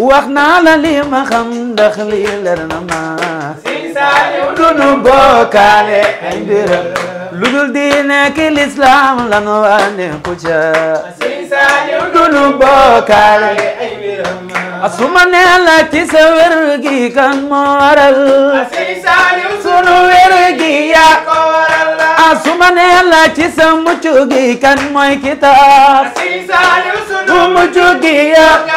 wax naa la li ma xam ndax li leer na ma si saaliw du nu bokkaale ay mbiram lu dul diine ki lislaam la nu wane ku ca si saaliw du nu bokkaale ay mbiram asuma ne la ci sa gi kan moo waral si saaliw sunu wér gi yaa ko waral asuma ne la gi kan mooy kitaab si sunu mucc gi yaa